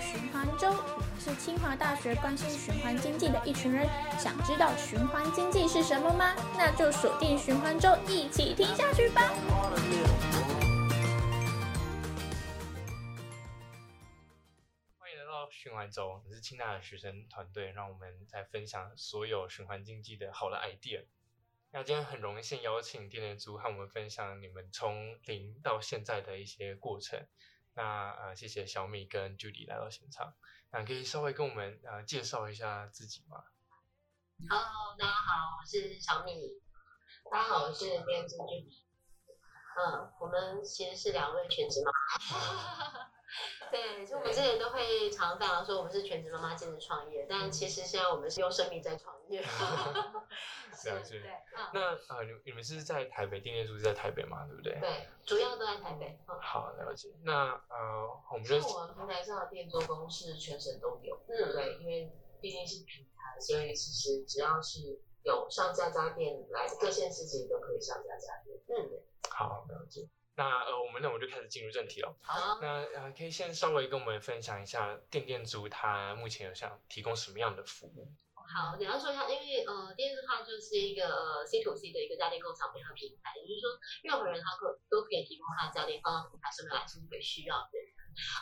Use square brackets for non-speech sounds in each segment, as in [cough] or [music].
循環周是清華大學關心循環經濟的一群人。想知道循環經濟是什麼嗎？那就鎖定循環周，一起聽下去吧。歡迎來到循環周，我是清大的學生團隊，讓我們在分享所有循環經濟的好的 idea。那今天很榮幸邀請電電租和我們分享你們從零到現在的一些過程。那呃，謝謝小米跟 Judy 來到現場。那，呃，可以稍微跟我們呃介紹一下自己嗎？Hello，大家好，我是小米。大家好，我是編劇 Judy。嗯，呃，我們其實是兩位全職媽媽。 [laughs] 對，就我們之前都會常講說我們是全職媽媽兼職創業，但其實現在我們是用生命在創業。是，對。那呃，你你們是在台北電電租，是在台北嘛，對不對？對，主要都在台北。好，了解。那呃，我們是我們平台上的電做工是全省都有。嗯，對，因為畢竟是平台，所以其實只要是有上架家電，來各縣市集都可以上架家電。嗯，好，了解。那呃，我們那我們就開始進入正題了。好啊，那呃，可以先稍微跟我們分享一下電電租它目前有想提供什麼樣的服務？好，你要說一下，因為呃，電電租就是一個呃 C to C 的一個家電共享聯合平台，也就是說，任何人他都可都可以提供他的家電的平台，方還是啊是可以需要的。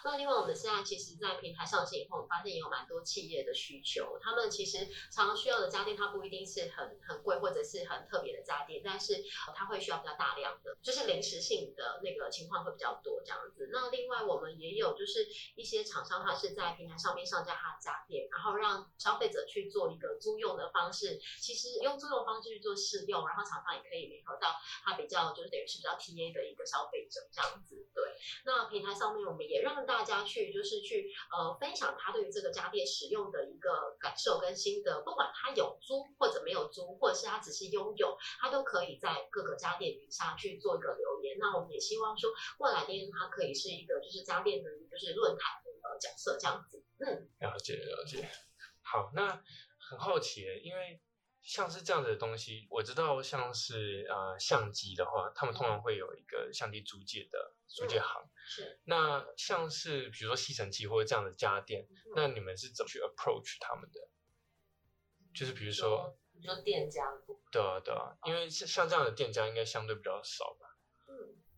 那另外，我們現在其實，在平台上線以後，我們發現也有蠻多企業的需求。他們其實常常需要的家電，它不一定是很很貴，或者是很特別的家電，但是它會需要比較大量的，就是臨時性的那個情況會比較多這樣子。那另外，我們也有就是一些廠商，他是在平台上面上架他的家電，然後讓消費者去做一個租用的方式。其實用租用的方式去做試用，然後廠商也可以聯合到他比較，就是等於是比較 TA 的一個消費者這樣子。對，那平台上面我們也。讓大家去，就是去，呃，分享他對於這個家電使用的一個感受跟心得，不管他有租或者沒有租，或者是他只是擁有，他都可以在各個家電底下去做一個留言。那我們也希望說，未來電電租它可以是一個就是家電的，就是論壇的一個角色這樣子。嗯，了解了解。好，那很好奇，因為。像是這樣子的東西，我知道，像是啊、呃、相機的話，他們通常會有一個相機租借的租借行，嗯。是。那像是比如說吸塵器或者這樣的家電，嗯、哼那你們是怎麼去 approach 他們的？就是比如說，嗯、比如說電，做店家對啊，對啊，嗯，因為像像這樣的店家應該相對比較少吧。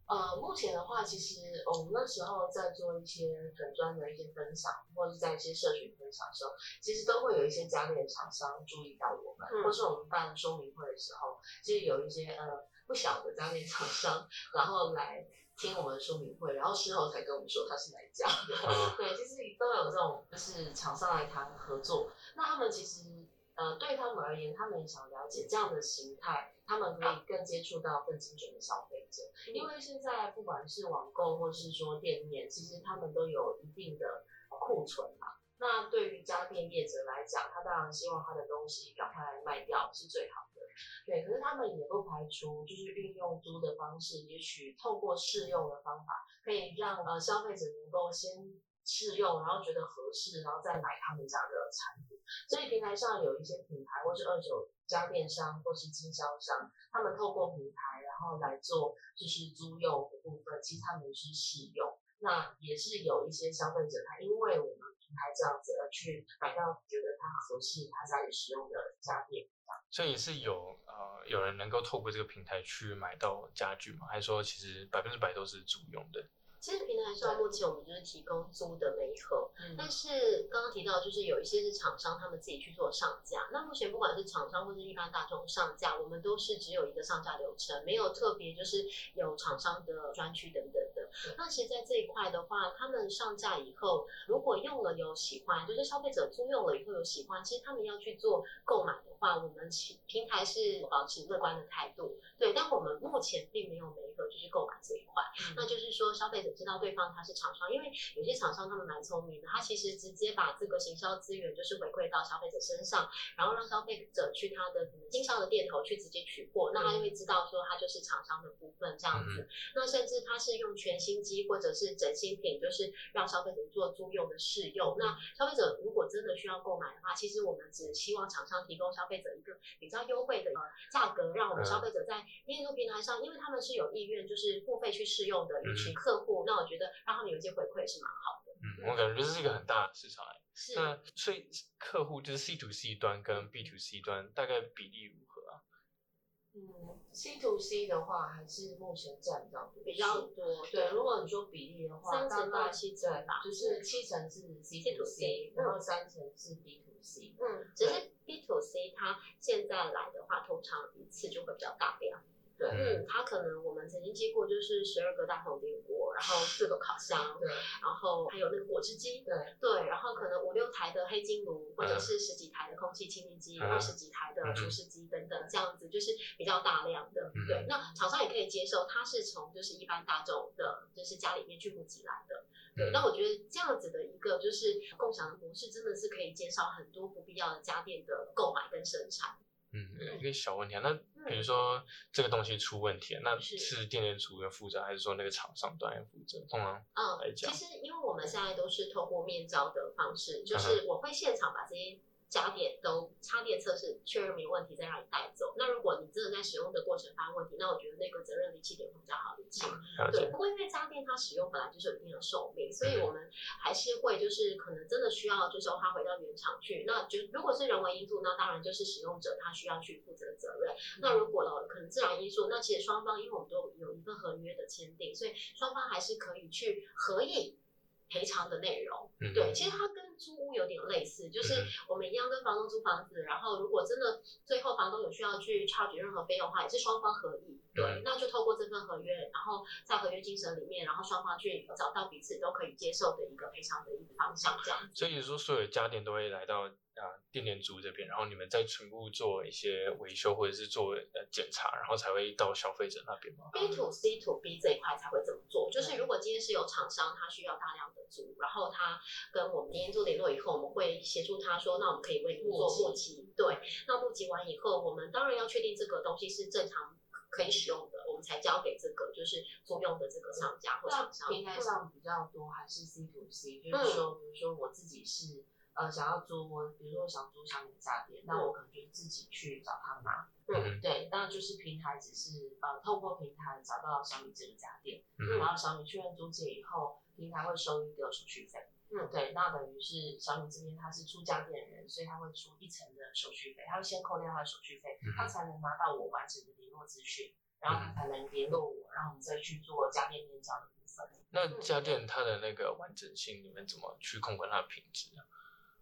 呃，目前的話，其實、哦、我們那時候在做一些粉專的一些分享，或者在一些社群分享的時候，其實都會有一些家電廠商注意到我們，嗯、或是我們辦說明會的時候，其實有一些呃不小的家電廠商， [laughs] 然後來聽我們說明會，然後事後才跟我們說他是來講的。嗯、對，其實都有這種，就是廠商來談合作，那他們其實呃對他們而言，他們也想了解這樣的形態。他們可以更接觸到更精準的消費者，因為現在不管是網購或是說店面，其實他們都有一定的庫存嘛。那對於家電業者來講，他當然希望他的東西趕快賣掉是最好的。對，可是他們也不排除就是運用租的方式，也許透過試用的方法，可以讓呃消費者能夠先。試用，然後覺得合適，然後再買他們家的產品。所以平台上有一些品牌，或是二手家電商，或是經銷商，他們透過平台，然後來做就是租用的部分。其實他們是試用，那也是有一些消費者他因為我們平台這樣子，而去買到覺得他合適他家裡使用的家電。所以也是有呃有人能夠透過這個平台去買到家具嗎？還是說其實百分之百都是租用的？其實平台上目前我們就是提供租的媒合，嗯、但是剛剛提到就是有一些是廠商他們自己去做上架。那目前不管是廠商或者一般大眾上架，我們都是只有一個上架流程，沒有特別就是有廠商的專區等等的。那其實在這一塊的話，他們上架以後，如果用了有喜歡，就是消費者租用了以後有喜歡，其實他們要去做購買的話，我們平台是保持樂觀的態度，對，但我們目前並沒有媒合。就是購買這一塊，嗯、那就是說消費者知道對方他是廠商，因為有些廠商他們蠻聰明的，他其實直接把這個行銷資源就是回饋到消費者身上，然後讓消費者去他的經銷的店頭去直接取貨，嗯、那他就會知道說他就是廠商的部分這樣子。嗯、那甚至他是用全新機或者是整新品，就是讓消費者做租用的試用。嗯、那消費者如果真的需要購買的話，其實我們只希望廠商提供消費者一個比較優惠的價格，讓我們消費者在印度平台上，嗯、因為他們是有意願。就是付費去試用的一群客戶，嗯、那我覺得讓他們有一些回饋是蠻好的。嗯，我感覺這是一個很大的市場、欸。是那，所以客戶就是 C to C 端跟 B to C 端大概比例如何啊？嗯，C to C 的話還是目前占到比較多。對，對對，如果你說比例的話，三大，大概現在就是七成是 C to C，對然後三成是 B to C。嗯，對只是 B to C 它現在來的話，通常一次就會比較大量。對嗯，它、嗯、可能我們曾經接過就是十二個大同電鍋，然後四個烤箱，對、嗯、然後還有那個果汁機，對、嗯、對，然後可能五六台的黑晶爐，或者是十幾台的空氣清淨機，啊、或者十幾台的廚師機等等，啊、這樣子就是比較大量的，嗯、對。嗯、那廠商也可以接受，它是從就是一般大眾的，就是家裡面去募集來的，對。嗯、那我覺得這樣子的一個就是共享的模式，真的是可以減少很多不必要的家電的購買跟生產。嗯，嗯，一個小問題啊。那比如說這個東西出問題、啊，嗯、那是電電租要負責，還是說那個廠商端要負責？通常、嗯、來講講，其實因為我們現在都是透過面交的方式，就是我會現場把這些，嗯家電都插電測試確認沒問題，再讓你帶走。那如果你真的在使用的過程發生問題，那我覺得那個責任比七點會比較好理清。嗯、了解，對，不過因為家電它使用本來就是有一定的壽命，所以我們還是會就是可能真的需要就是說它回到原廠去。那就如果是人為因素，那當然就是使用者他需要去負責責任。嗯、那如果哦可能自然因素，那其實雙方因為我們都有一份合約的簽訂，所以雙方還是可以去合議賠償的內容。嗯、哼對，其實它跟。租屋有點類似，就是我們一樣跟房東租房子，然後如果真的最後房東有需要去 charge 任何費用的話，也是雙方合意，對，對，那就透過這份合約，然後在合約精神裡面，然後雙方去找到彼此都可以接受的一個賠償的一個方向，這樣子。所以說，所有家電都會來到。啊，電電租這邊，然後你們再全部做一些維修或者是做呃檢查，然後才會到消費者那邊嗎？B to C to B 這一塊才會怎麼做？嗯、就是如果今天是有廠商他需要大量的租，然後他跟我們今天做聯絡以後，我們會協助他說，那我們可以為你做募集。擊對，那募集完以後，我們當然要確定這個東西是正常可以使用的，嗯、我們才交給這個就是租用的這個商家，或廠商。平台上比較多還是 C to C，就是說，嗯、比如說我自己是。呃，想要租，比如說想租小米家電，嗯、那我可能就自己去找他拿。嗯，嗯對，那就是平台只是呃，透過平台找到小米這個家電，嗯嗯然後小米確認租借以後，平台會收一個手續費。嗯，對，那等於是小米這邊他是出家電的人，所以他會出一成的手續費，他會先扣掉他的手續費，嗯嗯他才能拿到我完整的聯絡資訊，然後他才能聯絡我，然後我們再去做家電面交的部分。那家電它的那個完整性，你們怎麼去控管它的品質呢、啊？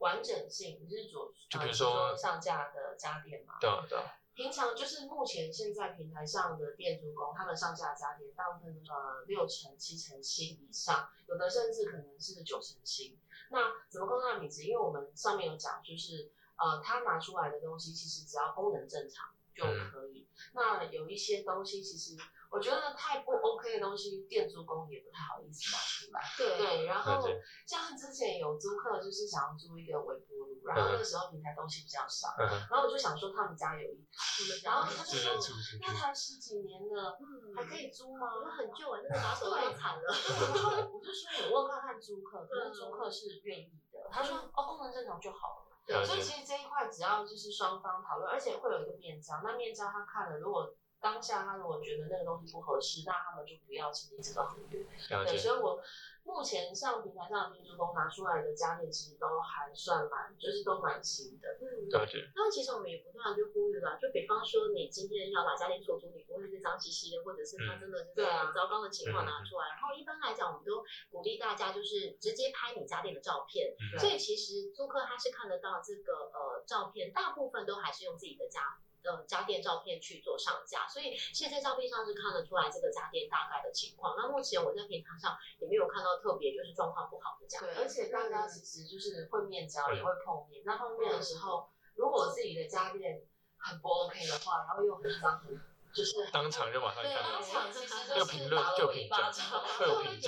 完整性，你是主，比如說、啊、上架的家電嘛。對、啊、對、啊。平常就是目前現在平台上的店租工，他們上架的家電大部分都是呃六成七成新以上，有的甚至可能是九成新。那怎麼控制品質？因為我們上面有講，就是呃，他拿出來的東西其實只要功能正常就可以。嗯、那有一些東西其實。我覺得太不 OK 的東西，電電租也不太好意思拿出來。對，然後像之前有租客就是想要租一個微波爐，然後那個時候平台東西比較少，然後我就想說他們家有一台，然後他就說、嗯、那台十幾年了，嗯、還可以租嗎？那很舊啊、欸，那個把手都慘了。 [laughs] 然後我就說，我問看看租客，但是租客是願意的，他說哦，功能正常就好了。對，了解。所以其實這一塊只要就是雙方討論，而且會有一個面交，那面交他看了如果，當下他如果覺得那個東西不合適，那他們就不要成立這個行業。對，所以我目前像平台上的業主都拿出來的家電，其實都還算蠻，就是都蠻新的。嗯，對。了解。那麼其實我們也不斷的去呼籲了，就比方說你今天要把家電出租，你不會是髒兮兮的，或者是它真的是很糟糕的情況拿出來。嗯，然後一般來講，我們都鼓勵大家就是直接拍你家電的照片，嗯，所以其實租客他是看得到這個呃照片，大部分都還是用自己的家。呃，家電照片去做上架，所以現在照片上是看得出來這個家電大概的情況。那目前我在平台上也沒有看到特別就是狀況不好的家，對，而且大家其實就是會面交，也會碰面。那碰面的時候，如果自己的家電很不 OK 的話，然後又很髒，就是當場就把它幹掉，對，當場其實就是有評價，會有評價系統，會有評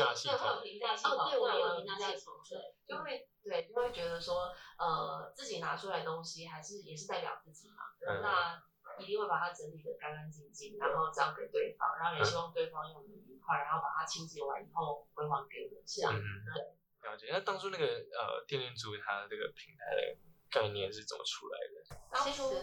價系統，對。就會對，就會覺得說，呃，自己拿出來的東西還是也是代表自己嘛，嗯、那一定會把它整理的乾乾淨淨，嗯、然後交給對方，然後也希望對方用的愉快，嗯、然後把它清潔完以後歸還給我，是啊。嗯、對，了解，那當初那個呃，電電租它這個平台的概念是怎麼出來的？當初對，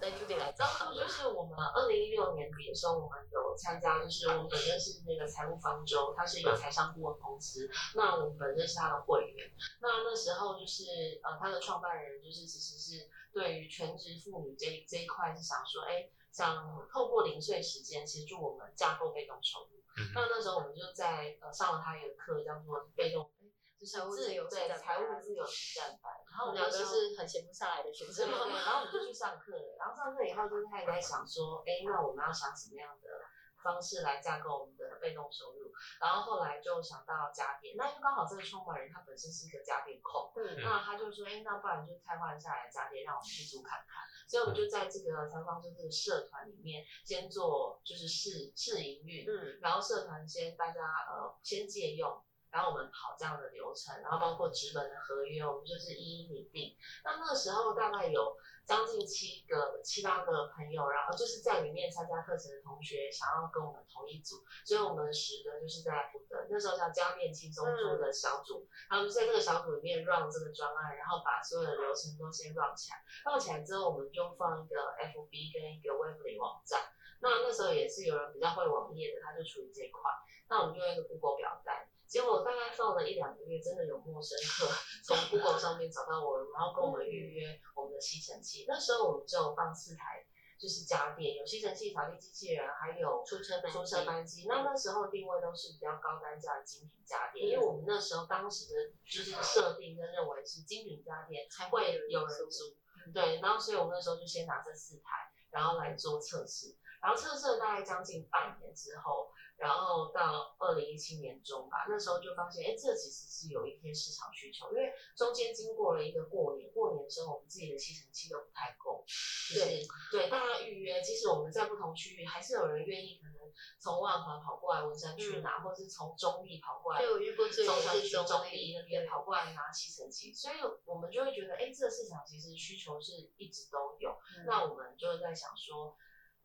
對當初就是我們二零一六年底的時候，我們有參加，就是我們本身是那個財務方舟，它是一個財商顧問公司，嗯、那我們本身是他的會員。那那時候就是呃，他的創辦人就是其實是對於全職婦女這這一塊是想說，哎、欸，想透過零碎時間，協助我們架構被動收入。嗯、哼那那時候我們就在呃上了他一個課，叫做被動。就自由對財務自由實戰班，戰然後我們兩個是很閒不下來的學生， [laughs] 然後我們就去上課了。然後上課以後，就是他也在想說，哎、 [laughs] 欸，那我們要想什麼樣的方式來架構我們的被動收入？然後後來就想到家電，那因為剛好這個創辦人他本身是一個家電控，嗯，那他就說，哎、欸，那不然就開放下來的家電，讓我們去租看看。所以我們就在這個三方就是社團裡面先做就是試試營運，嗯，然後社團先大家呃先借用。然後我們跑這樣的流程，然後包括紙本的合約，我們就是一一擬定。那那個時候大概有將近七個、七八個朋友，然後就是在裡面參加課程的同學想要跟我們同一組，所以我們十個就是在分那時候叫家電輕鬆做的小組，然後、嗯、就在這個小組裡面 run 這個專案，然後把所有的流程都先 run 起來。run 起來之後，我們就放一個 FB 跟一個 web 的網站。那那時候也是有人比較會網頁的，他就處理這塊。那我們就用一個 Google 表單。結果大概放了一兩個月，真的有陌生客從 Google 上面找到我們， [laughs] 然後跟我們預約我們的吸塵器。那時候我們就放四台，就是家電，有吸塵器、掃地機器人，還有出車抽車扳機。那、嗯、那時候定位都是比較高單價的精品家電，嗯、因為我們那時候當時的就是設定跟認為是精品家電才會有人租。嗯、對，然後所以我們那時候就先拿這四台，然後來做測試。然後測試了大概將近半年之後，然後到二零一七年中吧，那時候就發現，哎，這其實是有一些市場需求，因為中間經過了一個過年，過年之後我們自己的吸塵器都不太夠，就是對，對大家預約，即使我們在不同區域，還是有人願意可能從萬華跑過來文山去拿，嗯、或是從中壢跑過來，對，我遇過這些中壢那邊跑過來拿吸塵器，嗯、所以我們就會覺得，哎，這個市場其實需求是一直都有，嗯、那我們就是在想說。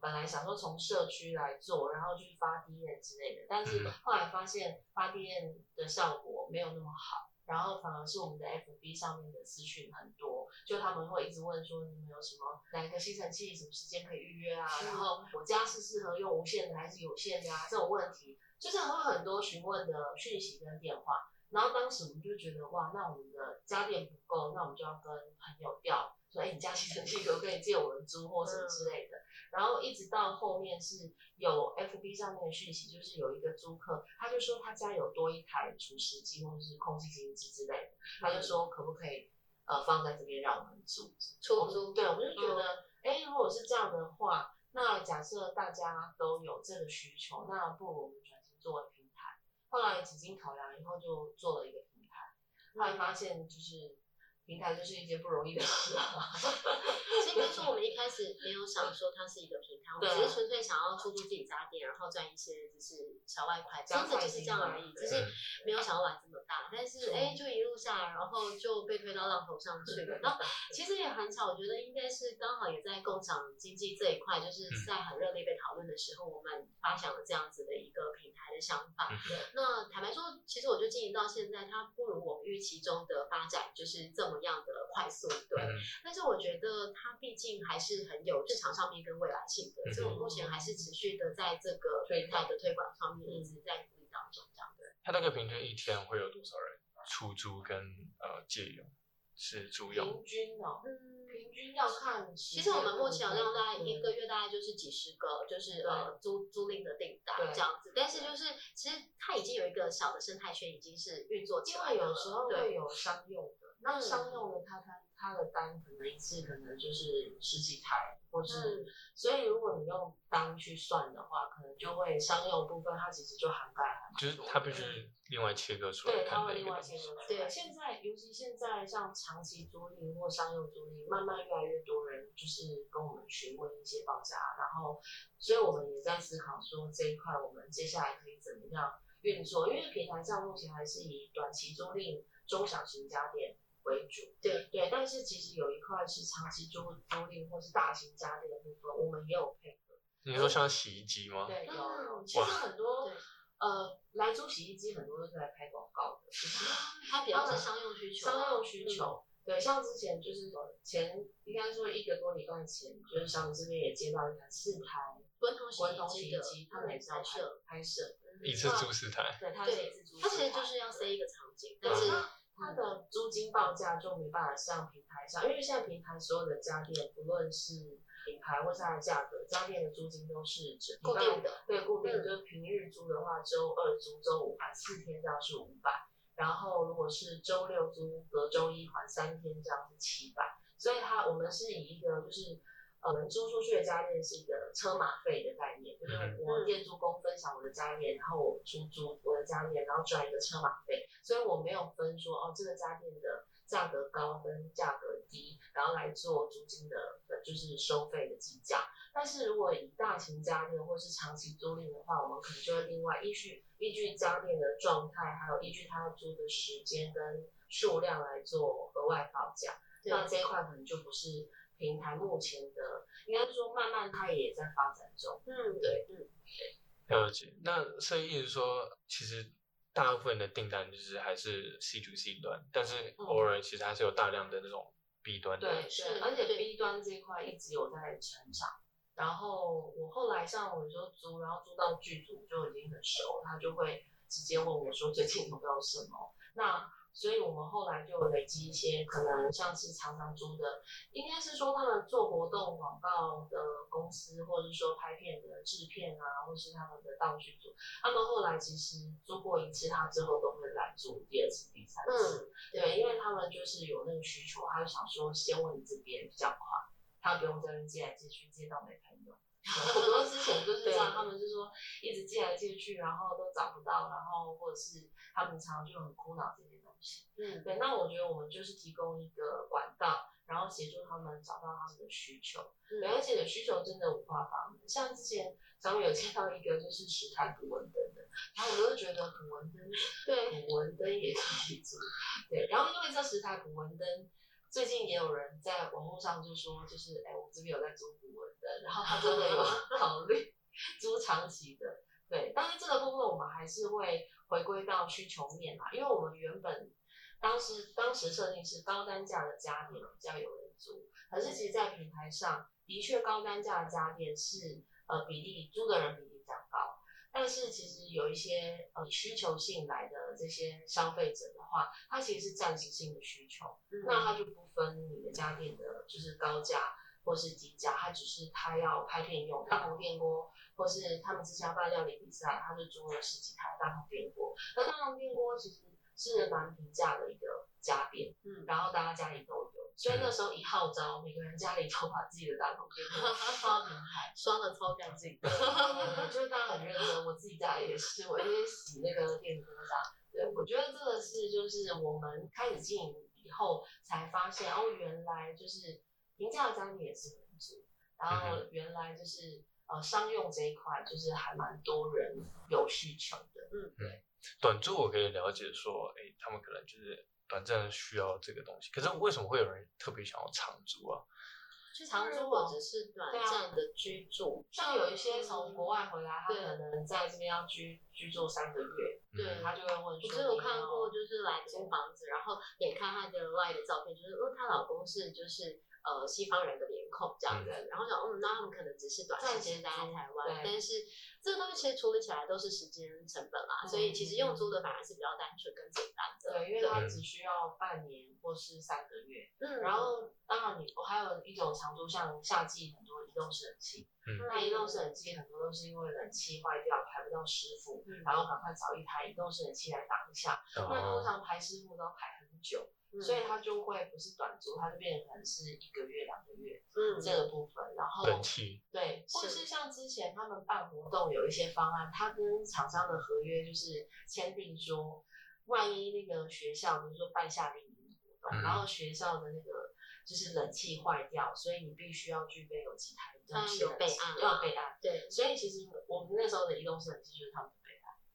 本來想說從社區來做，然後去發 DM 之類的，但是後來發現發 DM 的效果沒有那麼好，然後反而是我們的 FB 上面的資訊很多，就他們會一直問說你們有，有什麼哪個吸塵器，什麼時間可以預約啊？啊然後我家是適合用無線的還是有線的啊？這種問題，就是會很多詢問的訊息跟電話，然後當時我們就覺得哇，那我們的家電不夠，那我們就要跟朋友調。說哎，你家吸塵器可不可以借我們租或什麼之類的。 [laughs] 然後一直到後面是有 FB 上面的訊息，就是有一個租客，他就說他家有多一台除濕機或者是空氣清新機之類的，他就說可不可以呃放在這邊讓我們租出租？對，我們就覺得哎、嗯欸，如果是這樣的話，那假設大家都有這個需求，那不如我們轉型做為平台。後來幾經考量以後，就做了一個平台，後來發現就是。平台就是一件不容易的事啊，所以說我們一開始沒有想說它是一個平台，我們只是純粹想要出租自己家電，然後賺一些就是小外快，這樣子就是這樣而已，就是沒有想要玩這麼大，但是哎，就一路下來，然後就被推到浪頭上去了。那其實也很巧，我覺得應該是剛好也在共享經濟這一塊，就是在很熱烈被討論的時候，我們發想了這樣子的一個平台的想法。那坦白說，其實我就經營到現在，它不如我們預期中的發展，就是這麼。什麼樣的快速對，但是我覺得它畢竟還是很有市場上面跟未來性的，所以我目前還是持續的在這個平台的推廣上面一直在努力當中。這樣對。它那個平均一天會有多少人出租跟呃借用，是租用？平均哦，平均要看。其實我們目前好像大概一個月大概就是幾十個，就是呃租租賃的訂單這樣子。但是就是其實它已經有一個小的生態圈，已經是運作起來了。因為有時候會有商用。那商用的他，他他他的單可能一次可能就是十幾台，嗯、或是，嗯、所以如果你用單去算的話，可能就會商用部分它其實就涵蓋很多。就是它必須另、嗯、另外切割出來。對，它會另外切割出來。對，現在尤其現在像長期租賃或商用租賃，慢慢越來越多人就是跟我們詢問一些報價，然後，所以我們也在思考說這一塊我們接下來可以怎麼樣運作，因為平台上目前還是以短期租賃、中小型家電。為主，對對，但是其實有一塊是長期租租賃或是大型家電的部分，我們也有配合。你說像洗衣機嗎？對，有，其實很多，呃，來租洗衣機很多都是來拍廣告的，它比較是商用需求。商用需求，對，像之前就是前應該說一個多禮拜前，就是像我們這邊也接到一台四台滾筒洗衣機，他們也在拍拍攝，一次租四台，對，他一次租，他其實就是要塞一個場景，但是。它的租金報價就沒辦法像平台上，因為現在平台所有的家電，不論是品牌或是它的價格，家電的租金都是指固定的。對，固定的就是平日租的話，週二租週五還四天這樣是五百，然後如果是週六租隔週一還三天這樣是七百，所以它我們是以一個就是。可能租出去的家電是一個車馬費的概念，就是、嗯、哼我電電租共享我的家電，然後我出租，租我的家電，然後賺一個車馬費。所以我沒有分說哦，這個家電的價格高跟價格低，然後來做租金的，就是收費的計價。但是如果以大型家電或是長期租賃的話，我們可能就會另外依據依據家電的狀態，還有依據他要租的時間跟數量來做額外報價。嗯、哼那這一塊可能就不是。平台目前的應該說慢慢它也在發展中，嗯對，嗯對，對，了解。那所以意思說，其實大部分的訂單就是還是 C to C 端，但是偶爾其實還是有大量的那種 B 端的。對，是。而且 B 端這一塊一直有在成長。然後我後來像我有時候租，然後租到劇組就已經很熟，他就會直接問我說最近有沒有什麼那。所以我們後來就累積一些，可能像是常常租的，應該是說他們做活動廣告的公司，或者是說拍片的制片啊，或是他們的道具組，他們後來其實租過一次，他之後都會來租第二次、第三次。嗯，對，因為他們就是有那個需求，他就想說先問你這邊比較快，他不用在那借來借去，借到沒朋友。 [laughs] 很多之前就是這樣，他們就說一直借來借去，然後都找不到，然後或者是他們常常就很苦惱嗯，對，那我覺得我們就是提供一個管道，然後協助他們找到他們的需求，對、嗯，而且的需求真的五花八門，像之前咱們有接到一個就是十台捕蚊燈的，然後我們覺得捕蚊燈，對，捕蚊燈也可以做，對，然後因為這十台捕蚊燈，最近也有人在網絡上就說，就是哎，我們這邊有在做捕蚊燈，然後他真的有考慮租長期的，對，當然這個部分我們還是會。回歸到需求面嘛、啊，因為我們原本當時當時設定是高單價的家電比較有人租，可是其實在，在平台上的確高單價的家電是呃比例租的人比例比較高，但是其實有一些呃需求性來的這些消費者的話，他其實是暫時性的需求，嗯、那他就不分你的家電的就是高價。或是幾家，他只是他要拍片用大同電鍋，或是他們之前要辦料理比賽，他就租了十幾台大同電鍋。那大同電鍋其實是蠻平價的一個家電，嗯，然後大家家裡都有，所以那時候一號召，每個人家裡都把自己的大同電鍋刷名牌，刷的超乾淨，就大家很認真。我自己家裡也是，我也天洗那個電鍋的，對，我覺得這個是就是我們開始經營以後才發現，哦，原來就是。名下的也是然後原來就是、嗯、哼呃，商用這一塊，就是還蠻多人有需求的。嗯，對。短租我可以了解說，哎，他們可能就是短暫需要這個東西。可是為什麼會有人特別想要長租啊？去長租或者是短暫的居住，像、啊、有一些從國外回來，他可能在這邊要居、嗯、居住三個月，對，嗯、哼對，他就會問說。不可是我有看過，就是來租房子，嗯、哼然後也看他的外的照片，就是問她老公是就是。呃，西方人的臉孔這樣子，嗯、然後想，嗯，那他們可能只是短時間待在台灣，但是這個東西其實處理起來都是時間成本啦，嗯、所以其實用租的反而是比較單純跟簡單的，嗯、對，因為它只需要半年或是三個月，嗯，然後、嗯、當然你我、哦、還有一種長租，像夏季很多移動式冷氣，嗯，那移動式冷氣很多都是因為冷氣壞掉排不到師傅，嗯、然後趕快找一台移動式冷氣來擋一下，嗯、那通常排師傅都要排很久。嗯、所以它就會不是短租，它就變成是一個月、兩個月嗯，這個部分，然後冷氣對，是或者是像之前他們辦活動有一些方案，他跟廠商的合約就是簽訂說，萬一那個學校比如說辦夏令營活動，嗯、然後學校的那個就是冷氣壞掉，所以你必須要具備有其他、嗯、的這樣有備案，要備案對，所以其實我們那時候的移動式冷氣就是他們。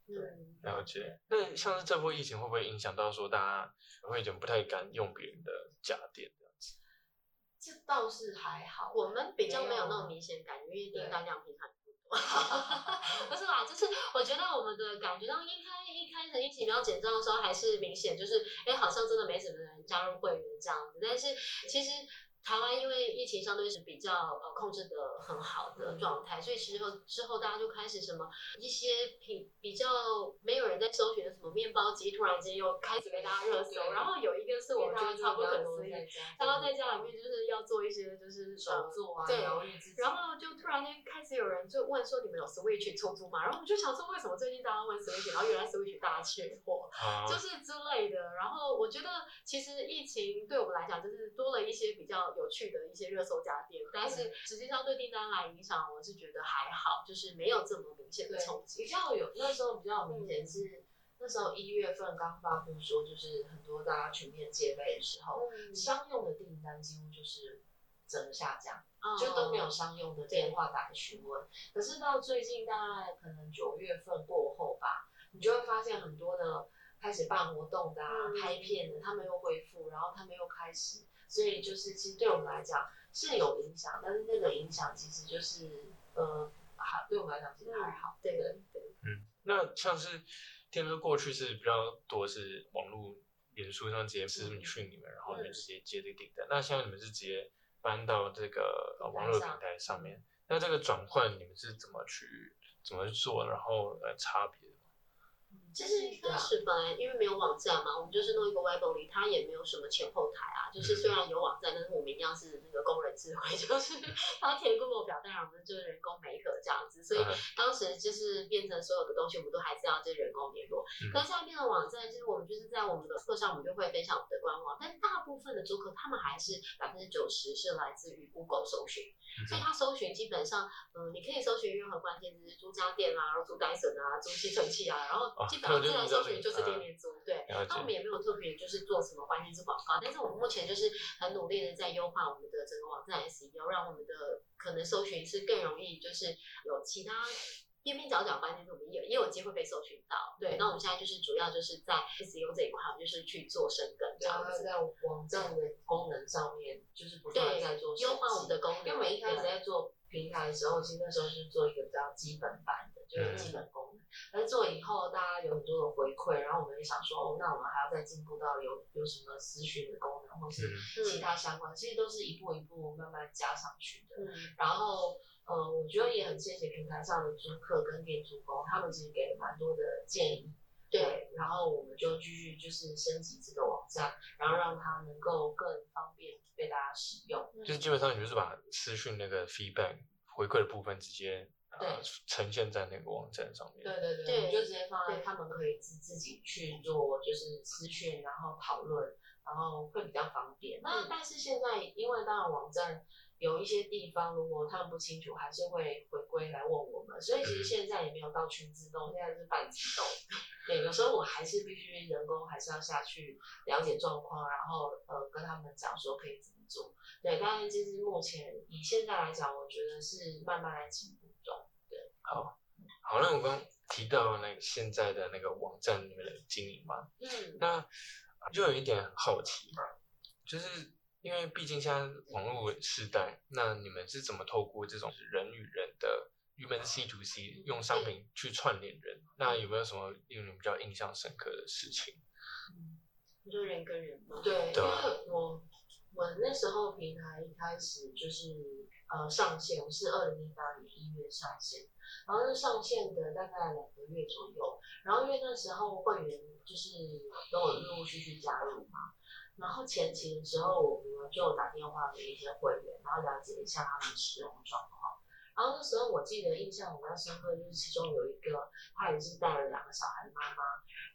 對，嗯、了解。那像是這波疫情，會不會影響到說大家會有點不太敢用別人的家電這子？這倒是還好，我們比較沒有那種明顯感，有因為訂單量平常不多。不是啦，就是我覺得我們的感覺到一開一開始疫情比較緊張的時候，還是明顯就是，哎、欸，好像真的沒什麼人加入會員這樣子。但是其實。台灣因為疫情相對是比較呃控制得很好的狀態，嗯、所以其實之後大家就開始什麼一些比比較沒有人在搜尋的什麼麵包機，突然間又開始被大家熱搜。對然後有一個是我們覺得差不可思議，然後在家裡面就是要做一些就是手作啊，對、嗯，然後就突然間開始有人就問說，你們有 switch 出租嗎？然後我就想說，為什麼最近大家問 switch，然後原來 switch 大缺貨，啊、就是之類的。然後我覺得其實疫情對我們來講就是多了一些比較。有趣的一些熱搜家電，但是實際上對訂單來影響，我是覺得還好，就是沒有這麼明顯的衝擊。比較有那時候比較明顯是、嗯、那時候一月份剛發布說，就是很多大家全面戒備的時候，嗯、商用的訂單幾乎就是整個下降，嗯、就都沒有商用的電話打來詢問。嗯、可是到最近大概可能九月份過後吧，你就會發現很多的開始辦活動的、啊、嗯、拍片的，他們又恢復，然後他們又開始。所以就是，其實對我們來講是有影響，但是那個影響其實就是，呃，好，對我們來講其實還好。對的，對。嗯，那像是聽說過去是比較多是網絡臉書上直接私信是你們，然後就直接接這個訂單。是那現在你們是直接搬到這個呃網絡平台上面，想那這個轉換你們是怎麼去怎麼去做，然後呃差別？就是當時本來，Yeah. 因為沒有網站嘛，我們就是弄一個 Webly，它也沒有什麼前後台啊。就是雖然有網站，但是我們一樣是那個工人智慧，就是它填 Google 表，當然我們就是人工媒合這樣子。所以當時就是變成所有的東西，我們都還是要就是人工聯絡。Uh huh. 可是現在變成網站，就是我們就是在我們的課上，我們就會分享我們的官網。但是大部分的租客，他們還是百分之九十是來自於 Google 搜尋。所以他搜尋基本上，嗯，你可以搜尋任何關鍵字，就是租家電啊，然後租戴森啊，租吸塵器啊，然後基本。Oh. 嗯嗯、自然搜尋就是電電租，嗯、對。那、嗯、我們也沒有特別就是做什麼關鍵字廣告，但是我們目前就是很努力的在優化我們的整個網站 SEO，讓我們的可能搜尋是更容易，就是有其他邊邊角角關鍵字，我們也也有機會被搜尋到。對。嗯、那我們現在就是主要就是在 SEO 這一塊，就是去做深耕。然後是在網站的功能上面，就是不斷在做，優化我們的功能。因為我們一開始在做平台的時候，嗯、其實那時候是做一個比較基本版的。就是基本功能，但、嗯、做以後大家有很多的回饋，然後我們也想說，哦，那我們還要再進步到有有什麼諮詢的功能，或是其他相關，嗯嗯、其實都是一步一步慢慢加上去的。嗯、然後，呃，我覺得也很謝謝平台上的租客跟店主工，他們其實給了蠻多的建議。對，然後我們就繼續就是升級這個網站，然後讓它能夠更方便被大家使用。嗯、就是基本上，你就是把資訊那個 feedback 回饋的部分直接。對、呃，呈現在那個網站上面。對對對，你就直接放在他們可以自自己去做，就是資訊，然後討論，然後會比較方便。那但是現在，因為當然網站有一些地方，如果他們不清楚，還是會回歸來問我們。所以其實現在也沒有到全自動，嗯、現在是半自動。對，有時候我還是必須人工，還是要下去了解狀況，然後呃跟他們講說可以怎麼做。對，但是其實目前以現在來講，我覺得是慢慢來進。好好，那我剛剛提到那個現在的那個網站裡面的經營嘛，嗯，那就有一點好奇嘛，就是因為畢竟現在網絡時代，嗯、那你們是怎麼透過這種人與人的一般是 C to C 用商品去串聯人？嗯、那有沒有什麼令你們比較印象深刻的事情？嗯，你說人跟人嘛，對，對，我我那時候平台一開始就是。呃，上線我是二零一八年一月上線，然後那上線的大概兩個月左右，然後因為那時候會員就是都有陸陸續續加入嘛，然後前期的時候我們就打電話給一些會員，然後了解一下他們使用的狀況，然後那時候我記得印象比較深刻就是其中有一個他也是帶了兩個小孩的媽媽，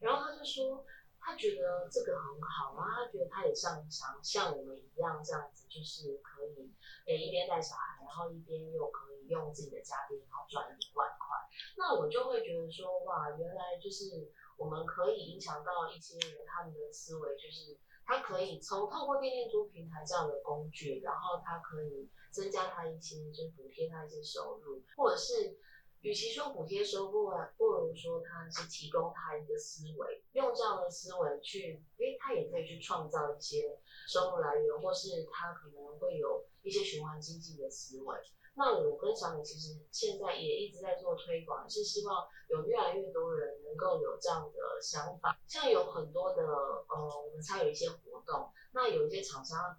然後他就說。他覺得這個很好啊，他覺得他也像像像我們一樣這樣子，就是可以，可以一邊帶小孩，然後一邊又可以用自己的家電，然後賺一萬塊。那我就會覺得說，哇，原來就是我們可以影響到一些人，他們的思維就是他可以從透過電電租平台這樣的工具，然後他可以增加他一些，就是補貼他一些收入，或者是。與其說補貼收入啊，不如說他是提供他一個思維，用這樣的思維去，誒，他也可以去創造一些收入來源，或是他可能會有一些循環經濟的思維。那我跟小米其實現在也一直在做推廣，是希望有越來越多人能夠有這樣的想法。像有很多的呃，我們參與一些活動，那有一些廠商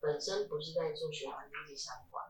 本身不是在做循環經濟相關。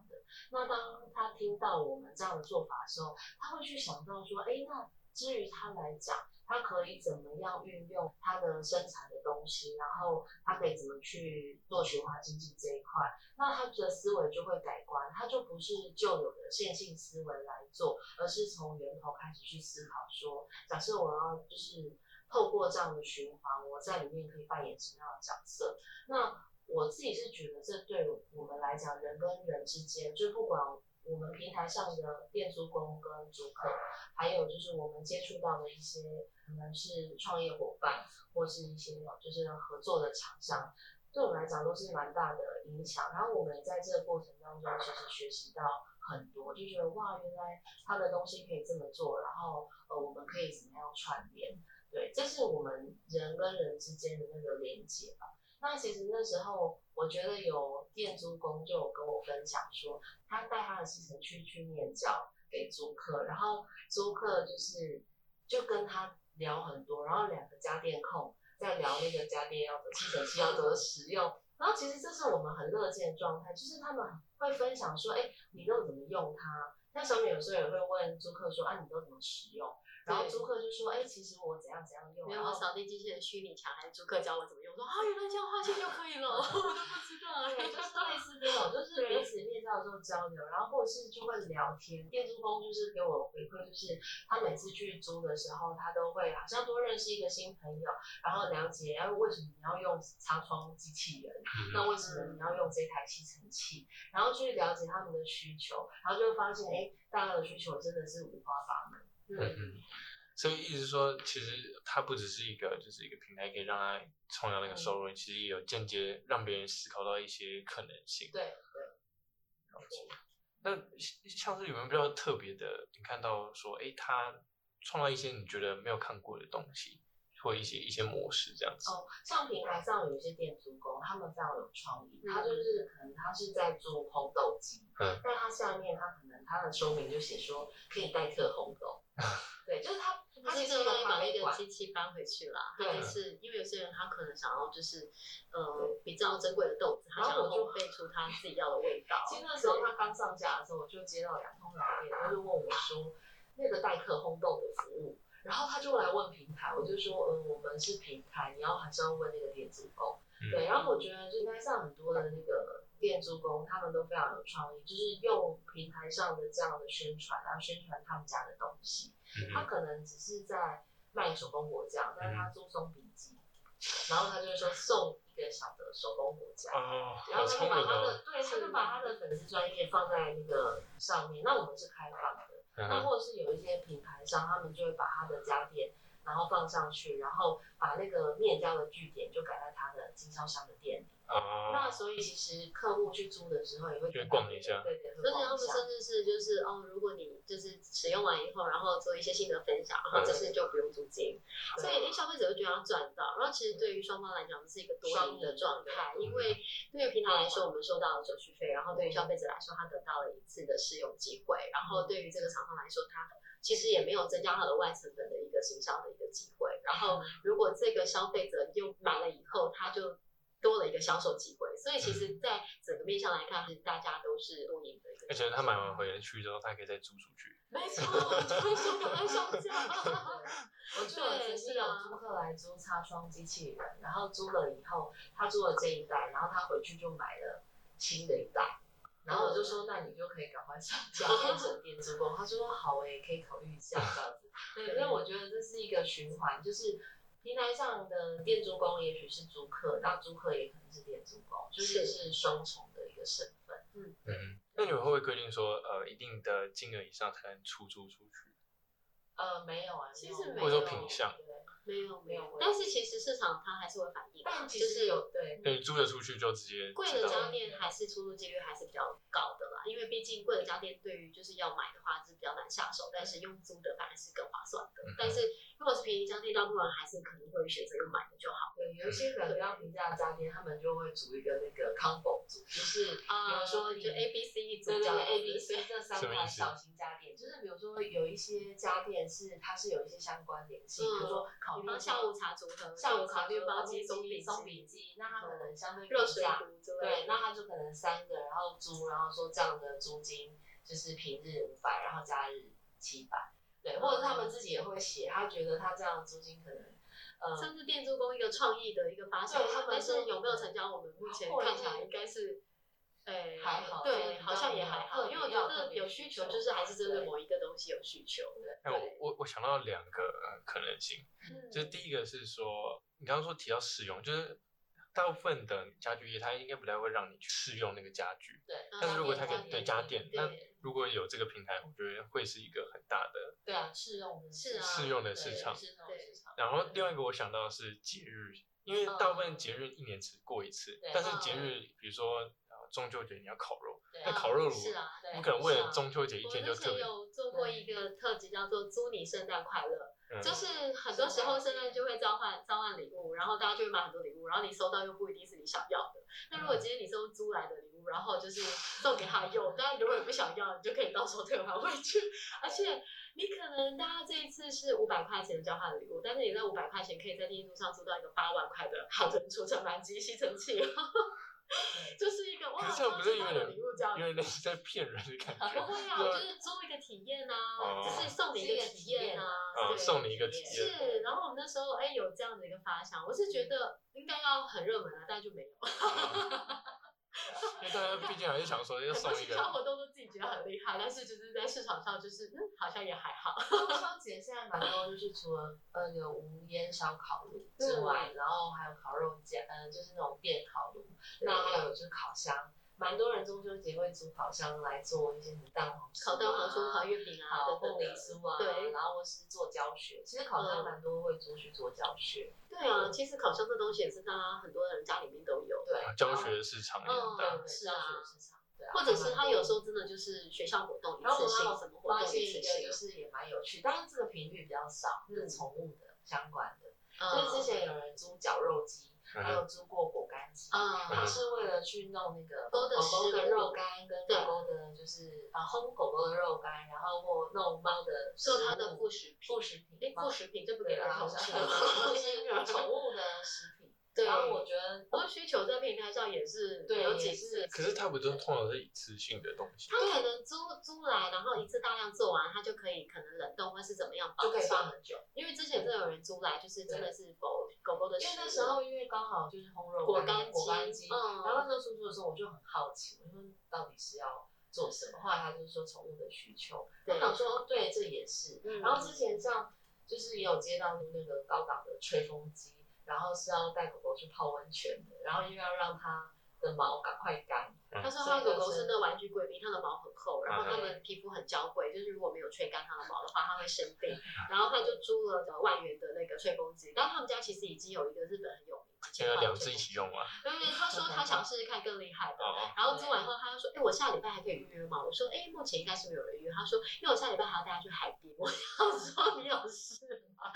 那當他聽到我們這樣的做法的時候，他會去想到說，誒、欸，那至於他來講，他可以怎麼樣運用他的生產的東西，然後他可以怎麼去做循環經濟這一塊，那他的思維就會改觀，他就不是舊有的線性思維來做，而是從源頭開始去思考說，假設我要就是透過這樣的循環，我在裡面可以扮演什麼樣的角色，那。我自己是覺得，這對我們來講，人跟人之間，就不管我們平台上的店租工跟租客，還有就是我們接觸到的一些，可能是創業夥伴或是一些有就是合作的廠商，對我們來講都是蠻大的影響。然後我們在這個過程當中，其實學習到很多，就覺得哇，原來他的東西可以這麼做，然後呃，我們可以怎麼樣串聯？對，這是我們人跟人之間的那個連接吧。那其實那時候，我覺得有電租工就有跟我分享說，他帶他的吸塵器去面交給租客，然後租客就是就跟他聊很多，然後兩個家電控在聊那個家電要怎麼吸塵器要怎麼使用， [laughs] 然後其實這是我們很樂見的狀態，就是他們會分享說，哎、欸，你都怎麼用它？那上面有時候也會問租客說，啊，你都怎麼使用？然後租客就說：“哎，其實我怎樣怎樣用，然後掃地機器人虛擬牆還是租客教我怎麼用。我說啊，原來這樣劃線就可以了，我都不知道。”就是類似這種，就是彼此面交的時候交流，然後或者是就會聊天。電租工就是給我回饋，就是他每次去租的時候，他都會好像多認識一個新朋友，然後了解，然後為什麼你要用擦窗機器人？那為什麼你要用這台吸塵器？然後去了解他們的需求，然後就會發現，哎，大家的需求真的是五花八門。嗯嗯，嗯，所以意思說，其實它不只是一個，就是一個平台可以讓它創造那個收入，嗯、其實也有間接讓別人思考到一些可能性。對對，對嗯、Okay. 那像是有沒有比較特別的？你看到說，哎、欸，他創造一些你覺得沒有看過的東西，或一些一些模式這樣子？哦，像平台上有一些店主工，他們非常有創意。他就是可能他是在做紅豆機，嗯，但他下面他可能他的說明就寫說可以代客紅豆。 [laughs] 對，就是他， [laughs] 他其實可以把那個機器搬回去了。對。就是因為有些人他可能想要就是，呃，對比較珍貴的豆子，好像我就配出他自己要的味道。對其實那時候他剛上架的時候，我就接到兩通來電，啊、他就問我說那個代客烘豆的服務，然後他就來問平台，我就說，嗯、呃，我們是平台，你要還是要問那個店主公？嗯、對。然後我覺得就應該像很多的那個。店租工，他們都非常有創意，就是用平台上的這樣的宣傳，然後宣傳他們家的東西。他可能只是在賣手工果醬，但是他做鬆餅機，嗯、然後他就是說送一個小的手工果醬。哦、然後他就把他的，的對，他就把他的粉絲專頁放在那個上面。那我們是開放的，那、嗯、或者是有一些品牌商，他們就會把他的家電。然後放上去，然後把那個面交的據點就改在他的經銷商的店裡。啊，uh, 那所以其實客戶去租的時候也會去逛一下，對，對對，所以他們甚至是就是哦，如果你就是使用完以後，然後做一些心得分享，然後這次就不用租金。嗯、對所以對、欸、消費者就覺得要賺到，然後其實對於雙方來講是一個多贏的狀態，嗯、因為對於平台來說，我們收到了手續費，然後對於消費者來說，他得到了一次的試用機會，然後對於這個廠商來說，他其實也沒有增加他的額外成本的。形象的一個機會，然後如果這個消費者又買了以後，他就多了一個銷售機會。所以其實，在整個面向來看，是大家都是共贏的一個。而且他買完回來去之後，他可以再租出去。沒錯，我就說趕快上架。我就有租客來租擦窗機器人，然後租了以後，他租了這一代，然後他回去就買了新的一代，然後我就說：“那你就可以趕快上架。”門店租過 [laughs] 他說好、欸：“好我也可以考慮一下。” [laughs] 對，那對我覺得這是一個循環，就是平台上的電租工，也許是租客，那租客也可能是電租工，就是是雙重的一個身份。嗯是嗯，對嗯，那你會不會規定說，呃，一定的金額以上才能出租出去？呃，沒有啊，其實沒有。或者說品相？對沒有沒有，沒有，但是其實市場它還是會反映，嗯、就是有對，對，租的出去，就直接貴的家電還是出租幾率還是比較高的啦，嗯、因為畢竟貴的家電對於就是要買的話是比較難下手，嗯、但是用租的反而是更划算的，嗯、哼但是。如果是便宜家電，大部分還是可能會選擇要買的就好。對、嗯，有一些比較平價家電，他們就會組一個那個 combo，就是比如說就 A B C 一組，就叫、是嗯嗯、A B C 這三款小型家電，就是比如說有一些家電是它是有一些相關聯繫，比如說泡下、嗯、下午茶組合，下午茶就包機、鬆餅、鬆餅機，嗯、那它可能相對來講，熱水之類的對，那它就可能三個然後租，然後說這樣的租金就是平日五百，然後假日七百。對，或者他們自己也會寫，他覺得他這樣租金可能，呃，甚至電租工一個創意的一個發現，但是有沒有成交？我們目前看起來應該是，還好，對，好像也還好，因為我覺得有需求就是還是針對某一個東西有需求。對，哎，我我想到兩個可能性，就是第一個是說，你剛剛說提到使用，就是大部分的家具業，他應該不太會讓你去試用那個家具，對，但是如果他給對家電那。如果有這個平台，我覺得會是一個很大的，對啊，適用的，適用的市場。然後另外一個我想到的是節日，因為大部分節日一年只過一次，但是節日，比如說中秋節你要烤肉，那烤肉爐，我們可能為了中秋節一天就特。我有做過一個特輯，叫做“租你聖誕快樂”。就是很多時候生日就會交換交換禮物，嗯、然後大家就會買很多禮物，然後你收到又不一定是你想要的。那、嗯、如果今天你收租來的禮物，然後就是送給他用，當然 [laughs] 如果你不想要，你就可以到時候退還回去。而且你可能大家這一次是五百塊錢交換禮物，但是你在五百塊錢可以在電電租上租到一個八萬塊的好的除塵蟎機吸塵器。 [laughs] [laughs] 就是一個哇，是這樣不是我的禮物教，這樣有點類似在騙人的感覺。不會啊，啊那就是作為一個體驗啊，哦、就是送你一個體驗啊，哦、對送你一個體驗。體是，然後我們那時候哎、欸，有這樣的一個發想，我是覺得應該要很熱門啊，但就沒有。嗯 [laughs] [laughs] 因為大家畢竟還是想說要送一個。燒 [laughs] 多新潮活動都自己覺得很厲害，但是就是在市場上就是嗯，好像也還好。燒 [laughs] 烤現在蠻多，就是除了呃那個無煙燒烤爐之外， [laughs] 然後還有烤肉架，呃就是那種電烤爐，那還有就是烤箱。蠻多人中秋節會租烤箱來做一些什麼蛋黃酥、烤蛋黃酥，烤月餅啊、烤鳳梨酥啊，然後是做教學。其實烤箱蠻多會做去做教學。對啊，其實烤箱這東西也是大家很多人家裡面都有。對，教學市場用的。是啊，教學市場。對啊。或者是他有時候真的就是學校活動，然後他有什麼活動一次性，就是也蠻有趣，當然這個頻率比較少。是寵物的相關的，所以之前有人租絞肉機。還有租過果乾機，嗯，他是為了去弄那個狗狗的肉乾跟狗狗的，就是啊，烘狗狗的肉乾，然後或弄貓的，做他的副食品，副食品，副食品就不就是寵物的食品。對，然後我覺得，需求在平台上也是有幾次，可是他不都是通常是一次性的東西？他可能租租來，然後一次大量做完，他就可以可能冷凍或是怎麼樣，就可以放很久。因為之前都有人租來，就是真的是否狗狗的，因為那時候因為剛好就是烘肉的烘乾機，嗯、然後那時候出去的時候，我就很好奇，我、嗯、說到底是要做什麼？後來他就是說寵物的需求，他想對說，對，這也是。嗯、然後之前像就是也有接到那個高檔的吹風機，然後是要帶狗狗去泡溫泉的，然後又要讓它的毛趕快乾。他說他的狗狗是那玩具貴賓，它的毛很厚，然後他們皮膚很嬌貴，就是如果沒有吹乾它的毛的話，它會生病。然後他就租了個萬元的那個吹風機。但他們家其實已經有一個日本很有名的、啊、吹風機，兩隻一起用啊。對不對，嗯、他說他想試試看更厲害的。哦、然後租完後，他就說：“哎對，我下禮拜還可以預約嗎？”我說：“哎，目前應該是沒有人約。”他說：“因為我下禮拜還要帶它去海邊。”我說：“你有事嗎？”